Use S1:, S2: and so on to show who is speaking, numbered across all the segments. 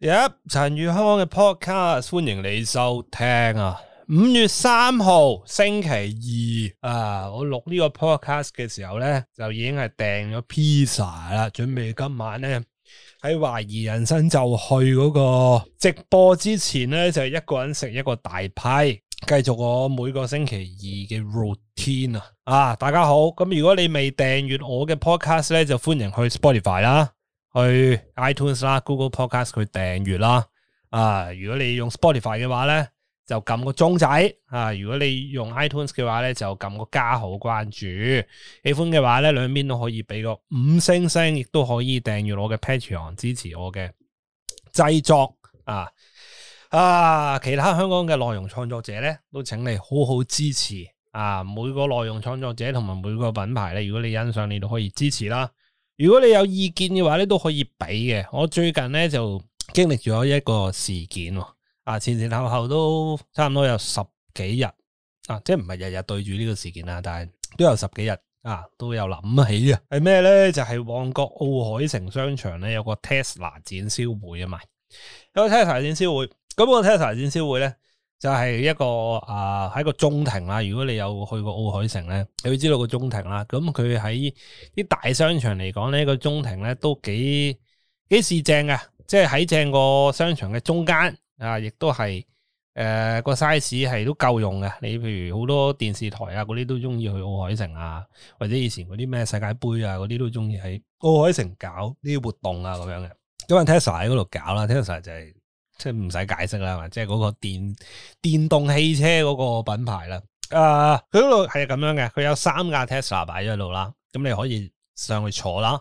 S1: Yep，陳宇康嘅 podcast，歡迎你收聽啊！五月三號星期二啊，我錄呢個 podcast 嘅時候咧，就已經係訂咗 pizza 啦，準備今晚咧喺懷疑人生就去嗰個直播之前咧，就係、一個人食一個大派，繼續我每個星期二嘅 routine 啊！啊，大家好，咁如果你未訂閱我嘅 podcast 咧，就歡迎去 Spotify 啦。去 iTunes 啦，Google Podcast 去訂閱啦。啊，如果你用 Spotify 嘅話咧，就撳個鐘仔。啊，如果你用 iTunes 嘅話咧，就撳個加號關注。喜歡嘅話咧，兩邊都可以俾個五星星，亦都可以訂閱我嘅 Patreon 支持我嘅製作。啊啊，其他香港嘅內容創作者咧，都請你好好支持。啊，每個內容創作者同埋每個品牌咧，如果你欣賞，你都可以支持啦。如果你有意見嘅話，咧都可以俾嘅。我最近咧就經歷咗一個事件，啊前前後後都差唔多有十幾日，啊即係唔係日日對住呢個事件啦，但係都有十幾日啊，都有諗起啊。係咩咧？就係、是、旺角奧海城商場咧有個 Tesla 展銷會啊嘛，有個 Tesla 展銷會，咁個 Tesla 展銷會咧。那個就係一個啊喺、呃、個中庭啦。如果你有去過奧海城咧，你會知道個中庭啦。咁佢喺啲大商場嚟講咧，個中庭咧都幾幾是正嘅。即係喺正個商場嘅中間啊，亦都係誒、呃、個 size 係都夠用嘅。你譬如好多電視台啊，嗰啲都中意去奧海城啊，或者以前嗰啲咩世界盃啊，嗰啲都中意喺奧海城搞呢啲活動啊，咁樣嘅。今日 Tesla 喺嗰度搞啦，Tesla 就係、是。即係唔使解釋啦，即係嗰個電電動汽車嗰個品牌啦。誒、uh，佢嗰度係咁樣嘅，佢有三架 Tesla 擺咗喺度啦。咁你可以上去坐啦，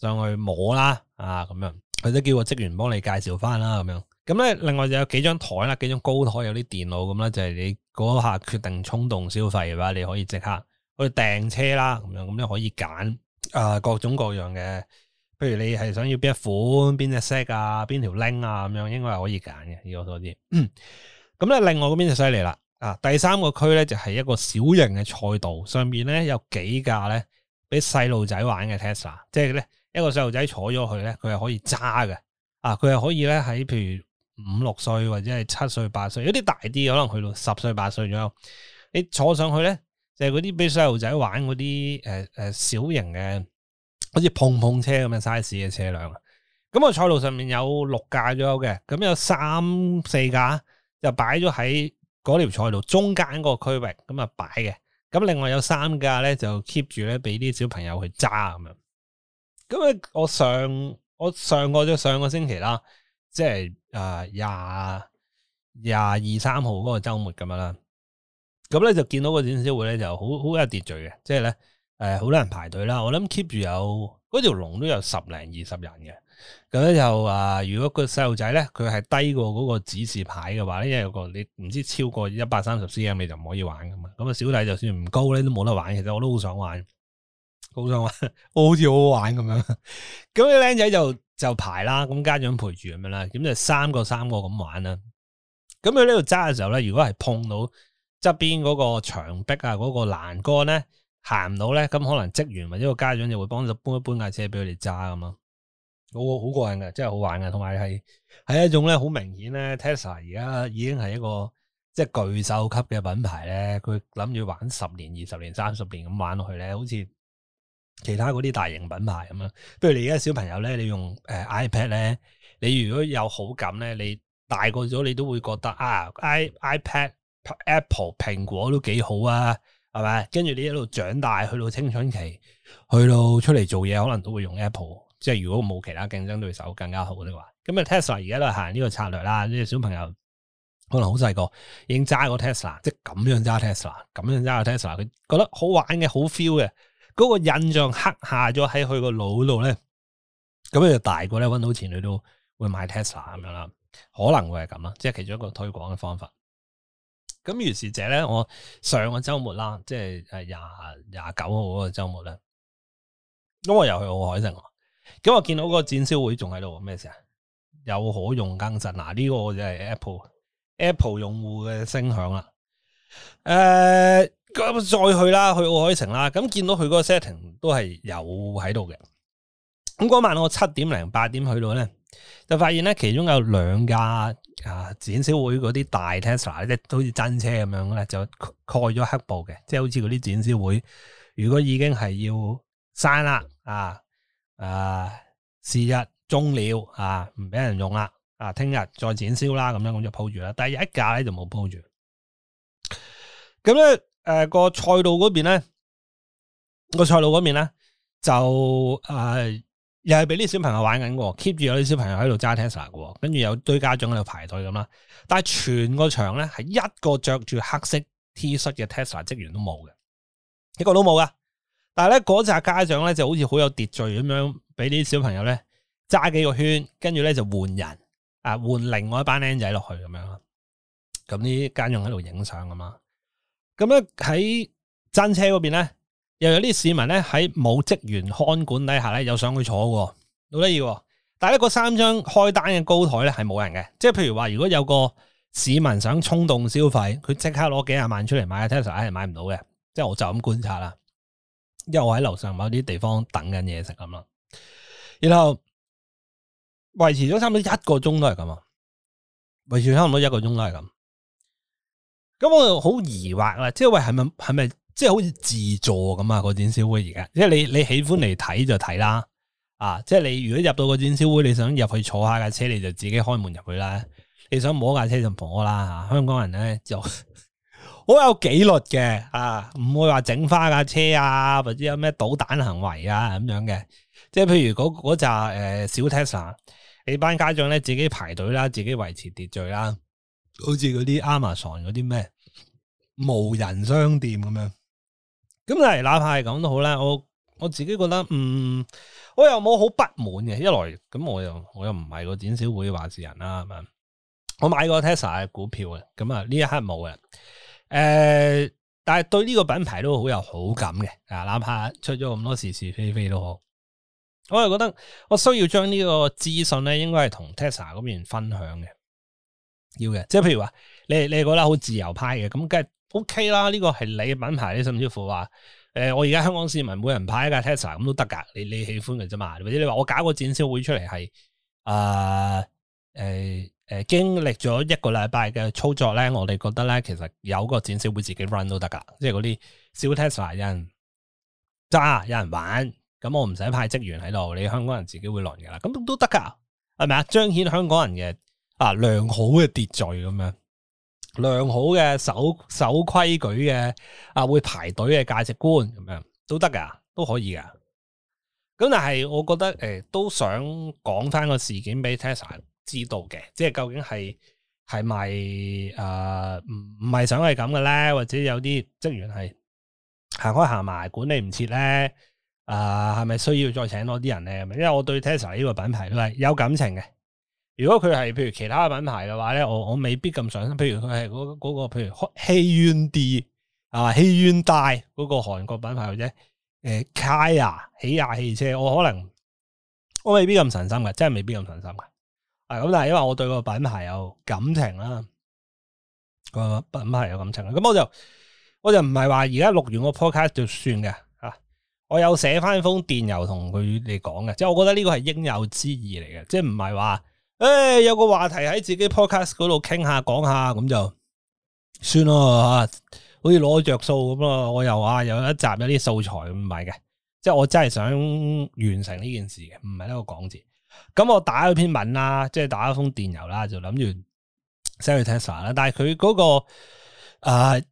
S1: 上去摸啦，啊咁樣，佢都叫個職員幫你介紹翻啦，咁樣。咁咧，另外就有幾張台啦，幾張高台有啲電腦咁啦，就係你嗰下決定衝動消費嘅話，你可以即刻去訂車啦，咁樣，咁你可以揀誒、啊、各種各樣嘅。譬如你係想要邊一款、邊隻 set 啊、邊條 link 啊咁樣，應該係可以揀嘅，呢個多啲。咁、嗯、咧，另外嗰邊就犀利啦。啊，第三個區咧就係一個小型嘅賽道，上面咧有幾架咧，俾細路仔玩嘅 Tesla，即係咧一個細路仔坐咗去咧，佢係可以揸嘅。啊，佢係可以咧喺譬如五六歲或者係七歲八歲，有啲大啲，可能去到十歲八歲左右。你坐上去咧，就係嗰啲俾細路仔玩嗰啲誒誒小型嘅。好似碰碰車咁嘅 size 嘅車輛啊，咁啊賽道上面有六架左右嘅，咁有三四架就擺咗喺嗰條賽道中間個區域咁啊擺嘅，咁另外有三架咧就 keep 住咧俾啲小朋友去揸咁樣。咁啊，我上我上個咗上個星期啦，即係誒廿廿二三號嗰個周末咁樣啦，咁咧就見到個展銷會咧就好好有秩序嘅，即係咧。誒、呃，好多人排隊啦，我諗 keep 住有嗰條龍都有十零二十人嘅，咁咧就、啊、如果個細路仔咧，佢係低過嗰個指示牌嘅話咧，因為個你唔知超過一百三十 cm 你就唔可以玩噶嘛，咁、那、啊、個、小弟就算唔高咧都冇得玩，其實我都好想玩，好想玩， 好似好好玩咁樣，咁啲僆仔就就排啦，咁家長陪住咁樣啦，咁就三個三個咁玩啦，咁佢呢度揸嘅時候咧，如果係碰到側邊嗰個牆壁啊，嗰、嗰個欄杆咧。行唔到咧，咁可能職員或者個家長就會幫手搬一搬架車俾佢哋揸咁咯。好好過癮嘅，真係好玩嘅。同埋係係一種咧，好明顯咧，Tesla 而家已經係一個即係巨獸級嘅品牌咧。佢諗住玩十年、二十年、三十年咁玩落去咧，好似其他嗰啲大型品牌咁樣。不如你而家小朋友咧，你用、呃、iPad 咧，你如果有好感咧，你大個咗你都會覺得啊 I，iPad Apple 蘋果都幾好啊。係咪？跟住你一路長大，去到青春期，去到出嚟做嘢，可能都會用 Apple。即係如果冇其他競爭對手更加好嘅話，咁啊 Tesla 而家都係行呢個策略啦。呢個小朋友可能好細個已經揸個 Tesla，即係咁樣揸 Tesla，咁樣揸個 Tesla，佢覺得好玩嘅，好 feel 嘅，嗰個印象刻下咗喺佢個腦度咧。咁你就大個咧，搵到錢你都會買 Tesla 咁樣啦，可能會係咁啊，即係其中一個推廣嘅方法。咁如是者咧，我上個周末啦，即係廿廿九號嗰個周末呢，咁我又去奧海城，咁我見到個展銷會仲喺度，咩事啊？有可用更新，嗱、啊、呢、這個我就係 Apple Apple 用戶嘅聲響啦。誒、呃，咁再去啦，去奧海城啦，咁見到佢、嗰個 setting 都係有喺度嘅。咁嗰晚我七點零八點去到咧。就發現咧，其中有兩架啊展銷會嗰啲大 Tesla，即好似真車咁樣咧，就蓋咗黑布嘅，即係好似嗰啲展銷會，如果已經係要閂啦啊啊，是日終了啊，唔俾、啊、人用啦啊，聽日再展銷啦，咁樣咁就鋪住啦。但係一架咧就冇鋪住。咁咧，誒個賽道嗰邊咧，個賽道嗰邊咧就誒。呃又係俾啲小朋友玩緊喎，keep 住有啲小朋友喺度揸 Tesla 嘅，跟住有堆家長喺度排隊咁啦。但係全個場咧，係一個着住黑色 T 恤嘅 Tesla 職員都冇嘅，一個都冇㗎。但係咧，嗰紮家長咧就好似好有秩序咁樣，俾啲小朋友咧揸幾個圈，跟住咧就換人啊，換另外一班僆仔落去咁樣。咁咧啲家長喺度影相啊嘛。咁咧喺真車嗰邊咧。又有啲市民咧喺冇職員看管底下咧，又上去坐喎，好得意。但係咧，嗰三張開單嘅高台咧係冇人嘅，即係譬如話，如果有個市民想衝動消費，佢即刻攞幾廿萬出嚟買 Tesla，係買唔到嘅。即係我就咁觀察啦，因為我喺樓上某啲地方等緊嘢食咁啦。然後維持咗差唔多一個鐘都係咁啊，維持差唔多一個鐘都係咁。咁我就好疑惑啦，即係喂，係咪係咪？是即係好似自助咁啊！嗰展銷會而家，即係你你喜歡嚟睇就睇啦，啊！即係你如果入到嗰展銷會，你想入去坐下架車，你就自己開門入去啦。你想摸架車就摸啦。啊、香港人咧，就好 有紀律嘅啊，唔會話整花架車啊，或者有咩搗蛋行為啊咁樣嘅。即係譬如嗰嗰扎誒小 Tesla，你班家長咧自己排隊啦，自己維持秩序啦，好似嗰啲 Amazon 嗰啲咩無人商店咁樣。咁嚟，哪怕係咁都好啦。我我自己覺得，嗯，我又冇好不滿嘅。一來，咁我又我又唔係個展銷會話事人啦，係嘛？我買過 Tesla 嘅股票嘅，咁啊呢一刻冇嘅。誒、呃，但係對呢個品牌都好有好感嘅。啊，哪怕出咗咁多是是非非都好，我就覺得我需要將呢個資訊咧，應該係同 Tesla 嗰邊分享嘅。要嘅，即係譬如話，你你覺得好自由派嘅，咁梗係。O K 啦，呢個係你嘅品牌，你甚至乎話，誒、呃，我而家香港市民每人派一架 Tesla 咁都得噶，你你喜歡嘅啫嘛？或者你話我搞個展銷會出嚟係，誒誒誒，經歷咗一個禮拜嘅操作咧，我哋覺得咧，其實有個展銷會自己 run 都得噶，即係嗰啲小 Tesla 有人揸，有人玩，咁我唔使派職員喺度，你香港人自己會輪噶啦，咁都得噶，係咪啊？彰顯香港人嘅啊良好嘅秩序咁樣。良好嘅守守規矩嘅啊，會排隊嘅價值觀咁樣都得噶，都可以噶。咁但係我覺得誒、欸，都想講翻個事件俾 Tesla 知道嘅，即係究竟係係咪誒唔唔係想係咁嘅咧？或者有啲職員係行開行埋管理唔切咧？啊、呃，係咪需要再請多啲人咧？因為我對 Tesla 呢個品牌都係有感情嘅。如果佢係譬如其他嘅品牌嘅話咧，我我未必咁上心。譬如佢係嗰個、嗰個、譬如 Hyundai 啊，Hyundai 嗰個韓國品牌或者。誒、呃，起亞汽車，我可能我未必咁上心嘅，真係未必咁上心嘅。啊，咁但係因為我對個品牌有感情啦，個品牌有感情，咁、咁、我就我就唔係話而家錄完個 podcast 就算嘅，啊。我有寫翻封電郵同佢哋講嘅，即係我覺得呢個係應有之義嚟嘅，即係唔係話。誒、哎，有個話題喺自己 podcast 嗰度傾下講下，咁就算咯吓，好似攞着數咁咯。我又話有一集有啲素材咁唔係嘅，即係我真係想完成呢件事嘅，唔係呢個講字。咁我打咗篇文啦，即係打咗封電郵啦，就諗住 send 去 Tesla 啦、那個。但係佢嗰個誒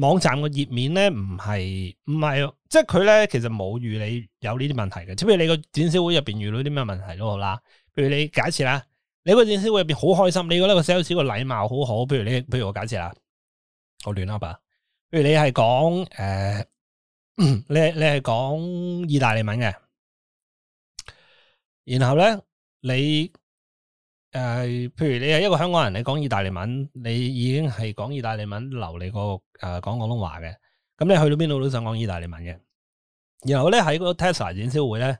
S1: 網站個頁面咧，唔係唔係，即係佢咧其實冇預你有呢啲問題嘅，即係你個展銷會入邊遇到啲咩問題都好啦。譬如你假設啦，你個展銷會入邊好開心，你覺得個 sales 個禮貌好好。譬如你，譬如我假設啦，好亂啦吧。譬如你係講誒，你你係講意大利文嘅，然後咧你誒、呃，譬如你係一個香港人，你講意大利文，你已經係講意大利文流利過誒講廣東話嘅。咁你去到邊度都想講意大利文嘅。然後咧喺個 Tesla 展銷會咧，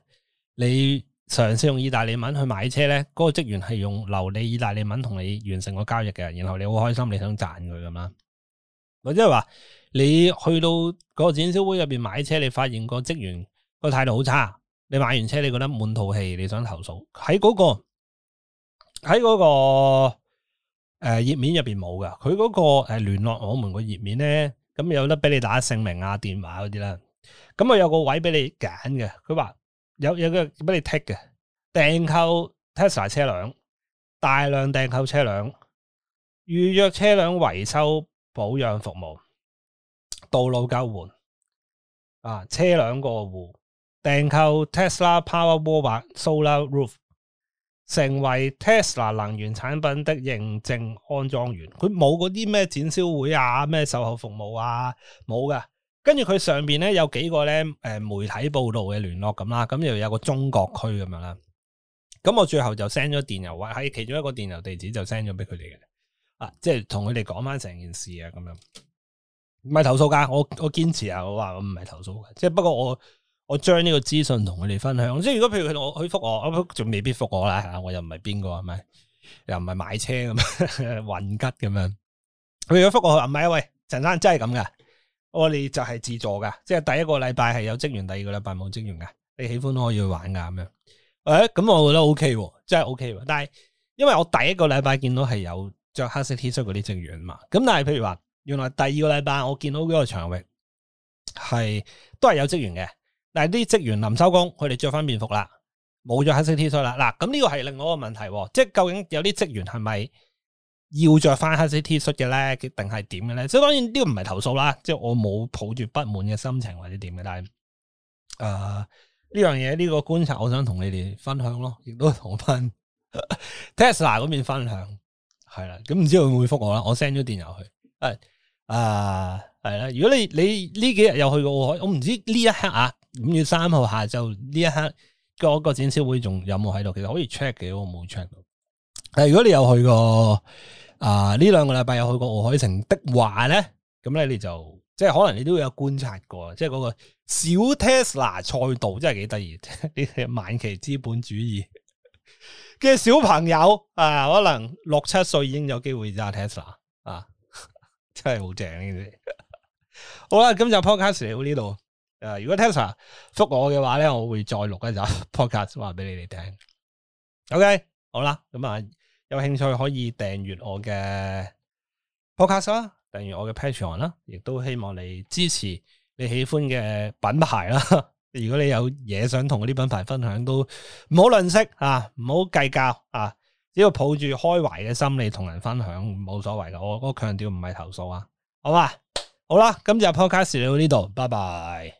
S1: 你。嘗試用意大利文去買車咧，嗰、嗰個職員係用流利意大利文同你完成個交易嘅，然後你好開心，你想讚佢咁啦。或者係話你去到嗰個展銷會入邊買車，你發現嗰個職員個態度好差，你買完車你覺得滿肚氣，你想投訴喺嗰、嗰個喺嗰個誒頁面入邊冇噶，佢嗰個誒聯絡我們個頁面咧，咁有得俾你打姓名啊、電話嗰啲啦，咁啊有個位俾你揀嘅，佢話。有有一個俾你剔嘅，訂購 Tesla 車輛，大量訂購車輛，預約車輛維修保養服務，道路救援啊，車輛過戶，訂購 Tesla Powerwall Solar Roof，成為 Tesla 能源產品的認證安裝員。佢冇嗰啲咩展銷會啊，咩售後服務啊，冇㗎。跟住佢上邊咧有幾個咧誒媒體報道嘅聯絡咁啦，咁又有個中國區咁樣啦。咁我最後就 send 咗電郵，喺其中一個電郵地址就 send 咗俾佢哋嘅。啊，即係同佢哋講翻成件事啊，咁樣唔係投訴噶，我我堅持啊，我話我唔係投訴嘅，即係不過我我將呢個資訊同佢哋分享。即係如果譬如佢同我去覆我，仲未必覆我啦。我又唔係邊個，係咪又唔係買車咁，混 吉咁樣。佢如果覆我唔係啊，喂，陳生真係咁噶。我哋就係自助噶，即係第一個禮拜係有職員，第二個禮拜冇職員噶。你喜歡可以去玩噶咁樣。誒，咁我覺得 OK，真係 OK。但係因為我第一個禮拜見到係有着黑色 T 恤嗰啲職員嘛，咁但係譬如話，原來第二個禮拜我見到嗰個場域係都係有職員嘅，但係啲職員臨收工，佢哋着翻便服啦，冇咗黑色 T 恤啦。嗱，咁呢個係另外一個問題，即係究竟有啲職員係咪？要著翻黑色 T 恤嘅咧，定係點嘅咧？即係當然呢個唔係投訴啦，即係我冇抱住不滿嘅心情或者點嘅，但係誒，呢樣嘢呢個觀察，我想同你哋分享咯，亦都同翻 Tesla 嗰邊分享係啦。咁唔知佢會唔會覆我啦？我 send 咗電郵去誒誒係啦。如果你你呢幾日有去過澳海，我唔知呢一刻啊，五月三號下晝呢一刻個個展銷會仲有冇喺度？其實可以 check 嘅，我冇 check 到。但係如果你有去過。啊！呢兩個禮拜有去過奧海城的話咧，咁咧你就即係可能你都會有觀察過，即係嗰個小 Tesla 賽道真係幾得意。呢啲晚期資本主義嘅小朋友啊，可能六七歲已經有機會揸 Tesla 啊，真係好正呢啲。好啦，咁 Pod 就 podcast 嚟到呢度。誒、啊，如果 Tesla 覆我嘅話咧，我會再錄一集 podcast 話俾你哋聽。OK，好啦，咁、嗯、啊。有興趣可以訂閱我嘅 podcast 啦，訂閱我嘅 Patreon 啦，亦都希望你支持你喜歡嘅品牌啦。如果你有嘢想同嗰啲品牌分享，都唔好吝嗇啊，唔好計較啊，只要抱住開懷嘅心理同人分享冇所謂噶。我我強調唔係投訴啊，好嘛？好啦，今日 podcast 到呢度，拜拜。